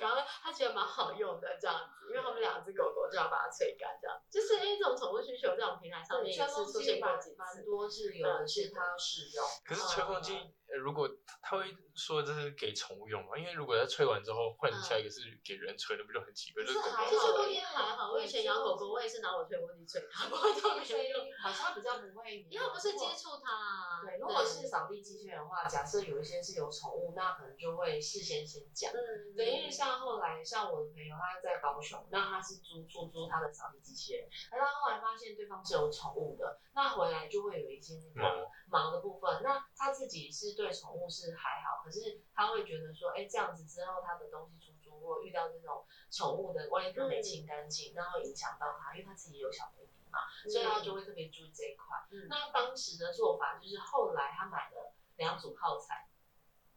然後他覺得蠻好用的這樣子，因為他們兩隻狗狗就要把它吹乾，這樣就是誒這種寵物需求這種平台上面也是。蠻多是有人是他要使用，嗯，可是吹風機。如果他會說這是給寵物用嗎？因為如果他吹完之後，換下一個是給人吹，那不就很奇怪？是還好，吹風機還好。我以前養狗狗，我也是拿我吹風機吹，它不會特別有，好像比較不會。要不是接觸它。對，如果是掃地機器人的話，假設有一些是有寵物，那可能就會事先先講。嗯，對，因為像後來像我的朋友，他在高雄，那他是租出租他的掃地機器人，他後來發現對方是有寵物的，那回來就會有一些毛毛的部分，那他自己是對。對寵物是還好，可是他會覺得說，哎，這樣子之後他的東西出租，如果遇到這種寵物的，萬一沒清乾淨，那會影響到他，因為他自己也有小朋友嘛，嗯、所以他就會特別注意這一塊。嗯、那當時的做法就是，後來他買了兩組耗材，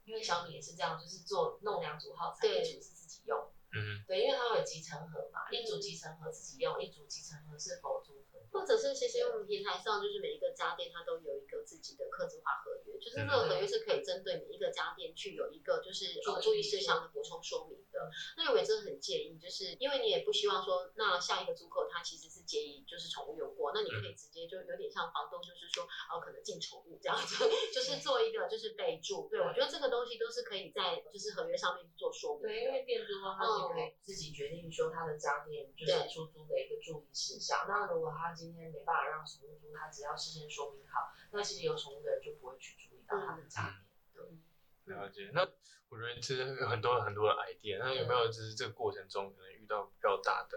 因為小米也是這樣，就是做弄兩組耗材，一對組是自己用，嗯哼，對，因為他會有集成盒嘛，一組集成盒自己用，一組集成盒是出租。或者是其實我們平台上就是每一個家電它都有一個自己的客制化合約，就是這個合約是可以針對每一個家電去有一個就是注意事項的補充說明的。那我也真的很建議，就是因為你也不希望說那下一個租客他其實是介意就是寵物有過，那你可以直接就有點像房東就是說哦可能進寵物這樣子，就是做一個就是備注。對，我覺得這個東西都是可以在就是合約上面做說明的，對，因為電租的話，他就可以自己決定說他的家電就是出租的一個注意事項。那如果他今天沒辦法讓寵物豬，它只要事先說明好，那其實有寵物的人就不會去注意到它的差別、嗯。了解。那我覺得其實有很多很多的 idea、嗯，那有沒有就是這個過程中可能遇到比較大的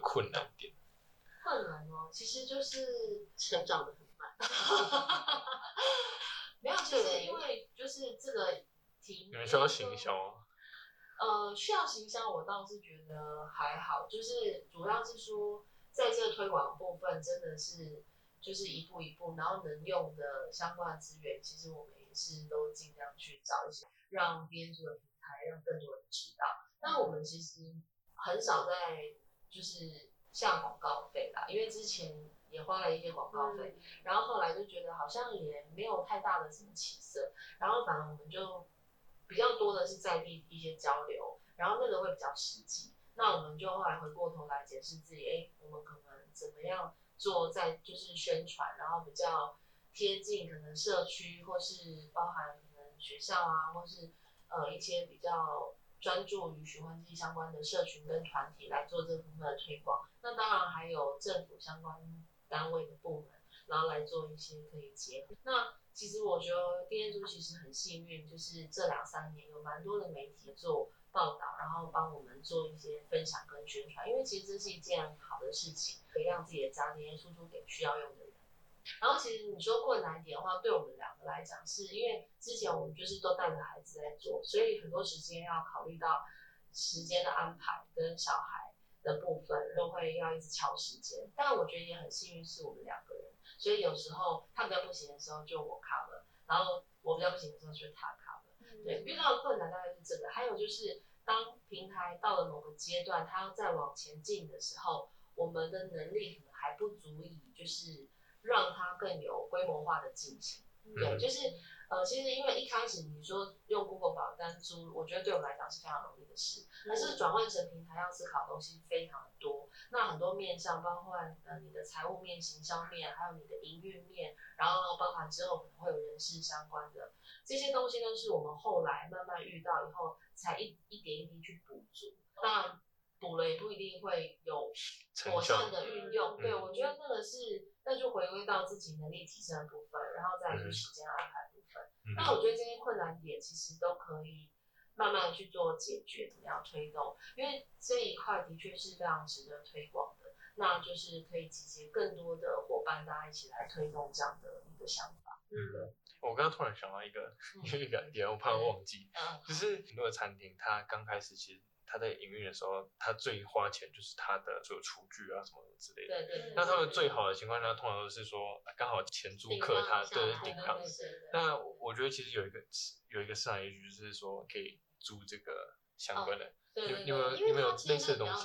困難困難、哦、其實就是成長的很慢。沒有，其、就、實、是、因為就是這個你們需要到行銷、哦、呃，需要行銷，我倒是覺得還好，就是主要是說。在這個推廣部分，真的是就是一步一步，然後能用的相關的資源，其實我們也是都盡量去找一些，讓編上的平台讓更多人知道。那我們其實很少在就是下廣告費啦，因為之前也花了一些廣告費，嗯、然後後來就覺得好像也沒有太大的什麼起色，然後反而我們就比較多的是在地一些交流，然後那個會比較實際。那我們就後來回過頭來解釋自己，哎，我們可能怎麼樣做在就是宣傳，然後比較貼近可能社區或是包含你學校啊，或是呃一些比較專注於循環經濟相關的社群跟團體來做這部分的推廣。那當然還有政府相關單位的部門，然後來做一些可以結合。那其實我覺得電電租其實很幸運，就是這兩三年有蠻多的媒體做報道，然後幫我們做一些分享跟宣傳，因為其實這是一件好的事情，可以讓自己的家電出租給需要用的人。然後其實你說困難點的話，對我們兩個來講，是因為之前我們就是都帶着孩子在做，所以很多時間要考慮到時間的安排跟小孩的部分，都會要一直敲時間。但我覺得也很幸運是我們兩個人，所以有時候他比較不行的時候就我扛了，然後我比較不行的時候就是他。對，遇到的困難大概是這個，還有就是，當平台到了某個階段，它要再往前進的時候，我們的能力可能還不足以，就是讓它更有規模化的進行。嗯、對，就是，呃，其實因為一開始你說用 Google 保單租，我覺得對我們來講是非常容易的事，可，嗯、是轉換成平台要思考的東西非常多，那很多面向，包括呃你的財務面、形象面，還有你的營運面，然後包含之後可能會有人事相關的這些東西呢，是我們後來慢慢遇到以後，才一一點一滴去補足。那補了也不一定會有妥善的運用。嗯、對，我覺得那個是。那就回歸到自己能力提升的部分，然後再就是時間安排部分。嗯、那我覺得這些困難點其實都可以慢慢的去做解決，怎麼樣推動？因為這一塊的確是非常值得推廣的，那就是可以集結更多的夥伴，大家一起來推動這樣的一個想法。嗯，嗯我剛剛突然想到一個一個點，嗯、 [laughs] 我怕我忘記，嗯、就是很多的餐廳它剛開始其實。他在營運的時候，他最花錢就是他的所有廚具啊什麼之類的。對對，對。那他們最好的情況下，嗯、通常都是說剛好前租客他都是頂上。上對的那對上但我覺得其實有一個有一個市場依據，就是說可以租這個相關的。哦。對，對，對對，因為它其實是比較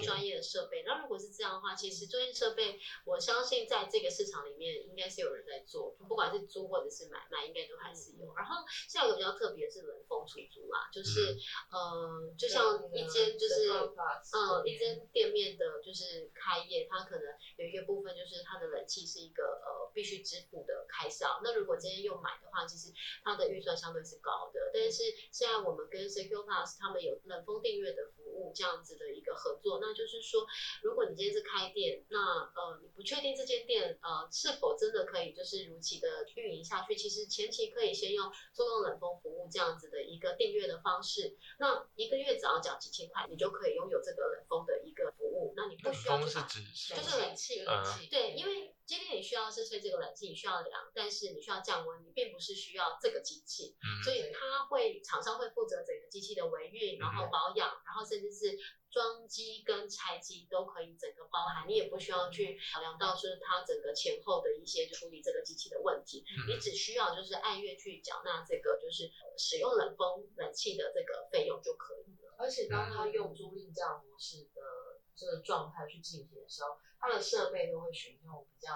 專業的設備。那如果是這樣的話，其實專業設備，我相信在這個市場裡面應該是有人在做，不管是租或者是買賣，買應該都還是有。然後下一個比較特別是冷風出租嘛，就是呃，嗯嗯、就像一間就是嗯，嗯一間店面的，就是開業，它可能有一個部分就是它的冷氣是一個呃必須支付的開銷。那如果今天又買的話，其實它的預算相對是高的。但是現在我們跟 Secure Plus 他們有冷風訂閱的。服務這樣子的一個合作，那就是說，如果你今天是開店，那呃，你不確定這間店呃是否真的可以就是如期的運營下去，其實前期可以先用租用冷風服務這樣子的一個訂閱的方式，那一個月只要繳幾千塊，你就可以擁有這個冷風的一個。那你不需要去是就是冷氣，冷氣對，因為今天你需要是吹這個冷氣，你需要涼，但是你需要降溫，你並不是需要這個機器，嗯、所以它會廠商會負責整個機器的維運，然後保養，嗯、然後甚至是裝機跟拆機都可以整個包含，你也不需要去考量到說它整個前後的一些處理這個機器的問題，嗯、你只需要就是按月去繳納這個就是使用冷風冷氣的這個費用就可以了。嗯、而且當它用租賃這樣模式，嗯、的。這個狀態去進行的時候，它的設備都會選用比較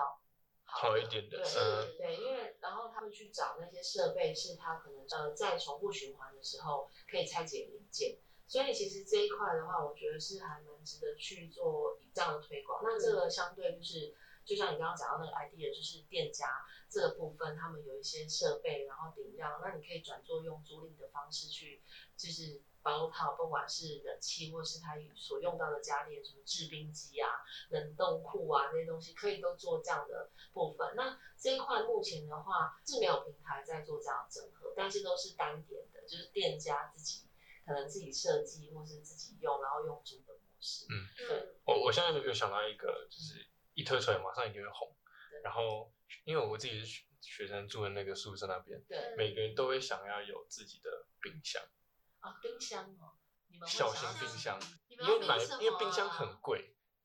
好，好一點的。對對對對，嗯、因為然後他們去找那些設備是他可能呃在重複循環的時候可以拆解零件，所以其實這一塊的話，我覺得是還蠻值得去做這樣的推廣。那這個相對就是，嗯、就像你剛剛講到那個 idea，就是店家這個部分，他們有一些設備然後頂量，那你可以轉做用租賃的方式去，就是。包括，不管是冷氣，或是它所用到的家電，什麼製冰機啊、冷凍庫啊那些東西，可以都做這樣的部分。那這一塊目前的話是沒有平台在做這樣的整合，但是都是單點的，就是店家自己可能自己設計，或是自己用，然後用租的模式。嗯，對我我現在有想到一個，就是一推出來馬上一定會紅。對然後，因為我自己是學，學生，住的那個宿舍那邊，對，每個人都會想要有自己的冰箱。啊，冰箱哦，小型冰箱，因為買，因為冰箱很貴，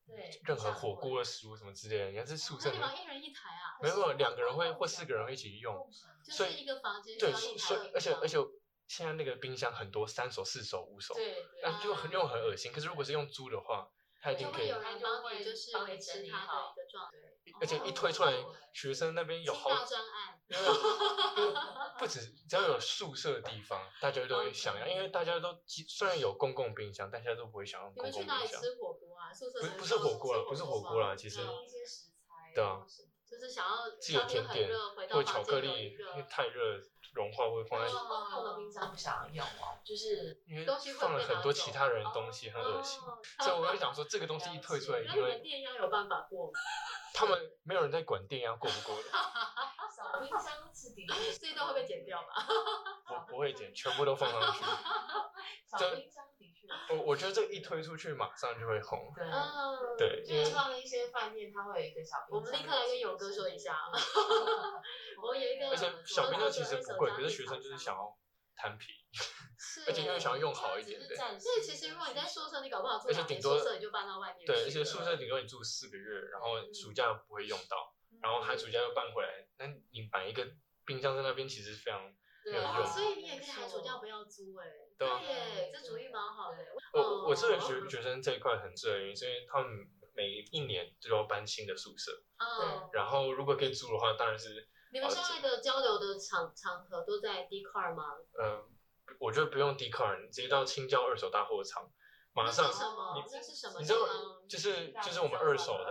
對，任何火鍋的食物什麼之類的，你看這宿舍裡，一人一台啊，沒有沒有，兩個人會或四個人會一起用，所以一個房間對，所以而且而且現在那個冰箱很多三手四手五手，對就很用很噁心，可是如果是用租的話。就會有人幫你，就是幫你整理好。而且一推出來，好學生那邊有好多專案。為 [laughs] 不止，只要有宿舍的地方，大家都會想要，Okay. 因為大家都雖然有公共冰箱，大家都不會想要公共冰箱。吃火鍋啊。宿舍不是不是火鍋了，不是火鍋了，其實。對啊。對啊就是想要，自由甜點或巧克力，因為太熱融化會放在，用的冰箱不想用哦，就是放了很多其他人的東西，很噁心。所以我就想說，這個東西一退出來，啊，因為電壓有辦法過嗎？他們沒有人在管電壓過不過的。冰箱是底，這段會被剪掉嗎？不不會剪，全部都放上去。冰箱。我我覺得這個一推出去馬上就會紅。對，對，就是放了一些飯店，他會有一個小，我們立刻來跟勇哥說一下啊。我有一個，而且小冰箱其實不貴，可是學生就是想要貪便宜。是，而且又想要用好一點，對。所以其實如果你在宿舍，你搞不好宿舍，宿舍你就搬到外面。對，而且宿舍頂多你住四個月，然後暑假不會用到，然後寒暑假又搬回來，那你買一個冰箱在那邊其實非常。對，沒有用啊，所以你也可以寒暑假不要租哎，對耶，這主意蠻好的欸。對我我這個學學生這一塊很自然，因為他們每一年都要搬新的宿舍，對、哦嗯。然後如果可以租的話，當然是。你們現在的交流的場場合都在 Dcard 嗎？嗯，我覺得不用 Dcard，直接到清交二手大貨場，馬上。你什這是什麼？你，什麼你知道，就是就是我們二手的，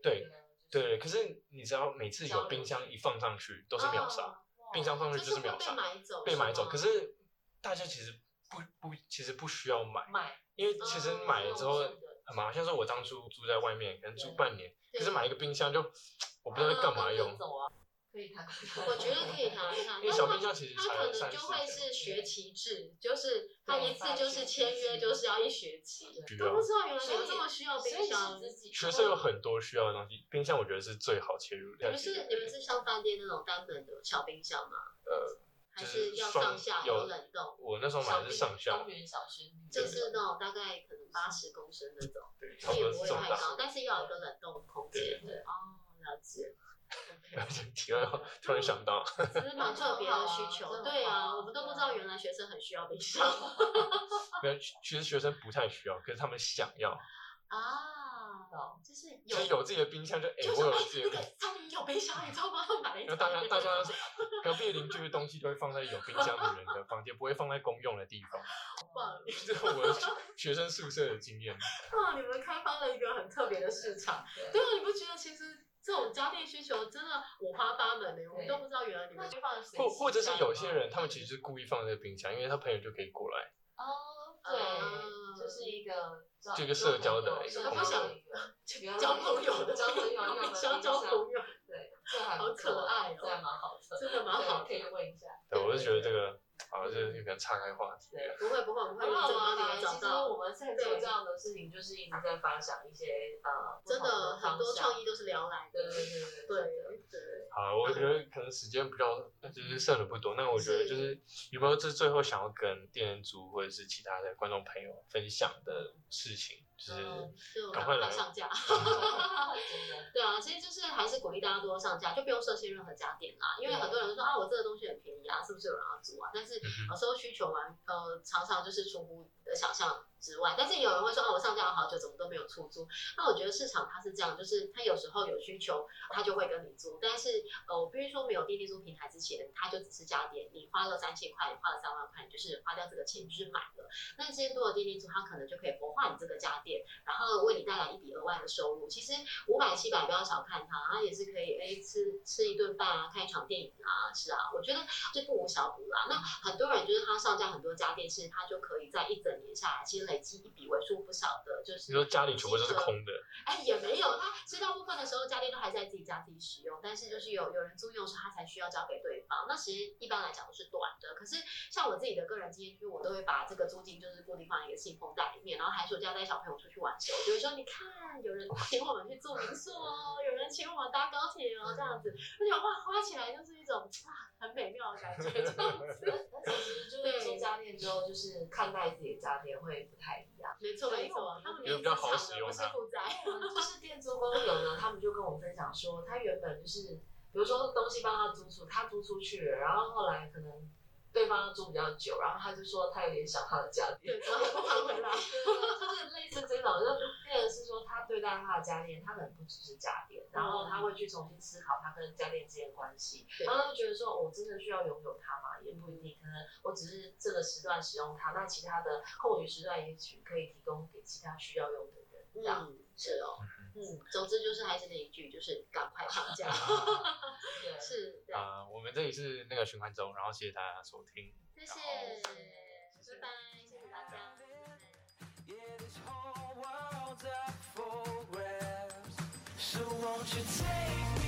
對對、嗯、對。可是你知道，每次有冰箱一放上去，都是秒殺。哦冰箱放上去就是秒殺，嗎被買走。可是大家其實不不，其實不需要買，因為其實買了之後，很麻煩。像是我當初住在外面，可能住半年，可是買一個冰箱就，我不知道幹嘛用。啊我覺得可以談一下，因為小冰箱其實它可能就會是學期制，就是它一次就是簽約就是要一學期。不知道原來你們這麼需要冰箱，學生有很多需要的東西，冰箱我覺得是最好切入點。你們是你們是像飯店那種單門的小冰箱嗎？呃，還是要上下有冷凍？我那時候買的是上下，公園小冰，就是那種大概可能八十公升那種，它也不會太高，但是要有一個冷凍空間，對哦，了解。突然想到，只是蠻特別的需求。對啊，我們都不知道原來學生很需要冰箱。其實學生不太需要，可是他們想要啊，就是有自己的冰箱，就哎，我有自己的冰箱你知道嗎？買一個。大家大家隔壁鄰居的東西都會放在有冰箱的人的房間，不會放在公用的地方。這是我學生宿舍的經驗。啊，你們開發了一個很特別的市場。對啊，你不覺得其實？這種家電需求真的五花八門的，我們都不知道原來你們放了誰。或或者是有些人，他們其實是故意放這個冰箱，因為他朋友就可以過來。哦，對，這是一個這個社交的一個他不想交朋友的冰箱，交朋友對，好可愛哦，蠻好，真的蠻好，可以問一下。對，我就覺得這個。好，這是有點岔開話題。不會不會，我們快又正常了。其實我們在做這樣的事情，就是一直在發想一些呃，真的很多創意都是聊來的。對對對對，好，我覺得可能時間比較就是剩的不多，那我覺得就是有沒有這最後想要跟電電租或者是其他的觀眾朋友分享的事情？是就是、嗯，就趕快上架， [laughs] 對啊，其實就是還是鼓勵大家多多上架，就不用設限任何家電啦，因為很多人說、嗯、啊，我這個東西很便宜啊，是不是有人要租啊？但是有時候需求嘛、啊，呃，常常就是出乎你的想象。之外，但是有人會說，啊，我上架了好久，怎麼都沒有出租？那我覺得市場它是這樣，就是它有時候有需求，它就會跟你租。但是，呃，我必須說，沒有電電租平台之前，它就只是家電，你花了三千塊，你花了三萬塊，你就是花掉這個錢，就是買了。那這些有的電電租，它可能就可以活化你這個家電，然後為你帶來一筆額外的收入。其實五百、七百不要小看它，它也是可以，哎，吃吃一頓飯啊，看一場電影啊，是啊，我覺得這不無小補啦。那很多人就是他上架很多家電，其實他就可以在一整年下來積累。一筆為數不少的，就是你說家裡全部都是空的，哎、欸、也沒有，他其實大部分的時候家電都還是在自己家自己使用，但是就是有有人租用的時候，他才需要交給對方。那其實一般來講都是短的，可是像我自己的個人經驗，就是我都會把這個租金就是固定放一個信封袋裡面，然後還說要帶小朋友出去玩的時候，比如說，你看有人請我們去住民宿哦、喔，有人請我們搭高鐵哦、喔、這樣子， [laughs] 而且哇花，花起來就是一種哇很美妙的感覺，這樣子，那 [laughs] 其實就是租家電之後，就是看待自己家電會。不太一樣，沒錯沒錯，他們有一個好，不是負債，它 [laughs] 就是電租公司呢， [laughs] 他們就跟我分享說，他原本就是，比如說東西幫他租出，他租出去了，然後後來可能。對方住比較久，然後他就說他有點想他的家電，對然後他回說，就是類似這種，就那個是說他對待他的家電，他可能不只是家電，然後他會去重新思考他跟家電之間的關係，然後他就覺得說，我真的需要擁有它嗎？對也不一定，可能我只是這個時段使用它，那其他的空餘時段也許可以提供給其他需要用的人，嗯、這樣是哦。嗯嗯，總之就是還是那一句，就是趕快上架。啊、 [laughs] 對是，啊、呃、我們這裡是那個循環中，然後謝謝大家收聽，謝謝，後是拜拜，謝謝大家。對拜拜。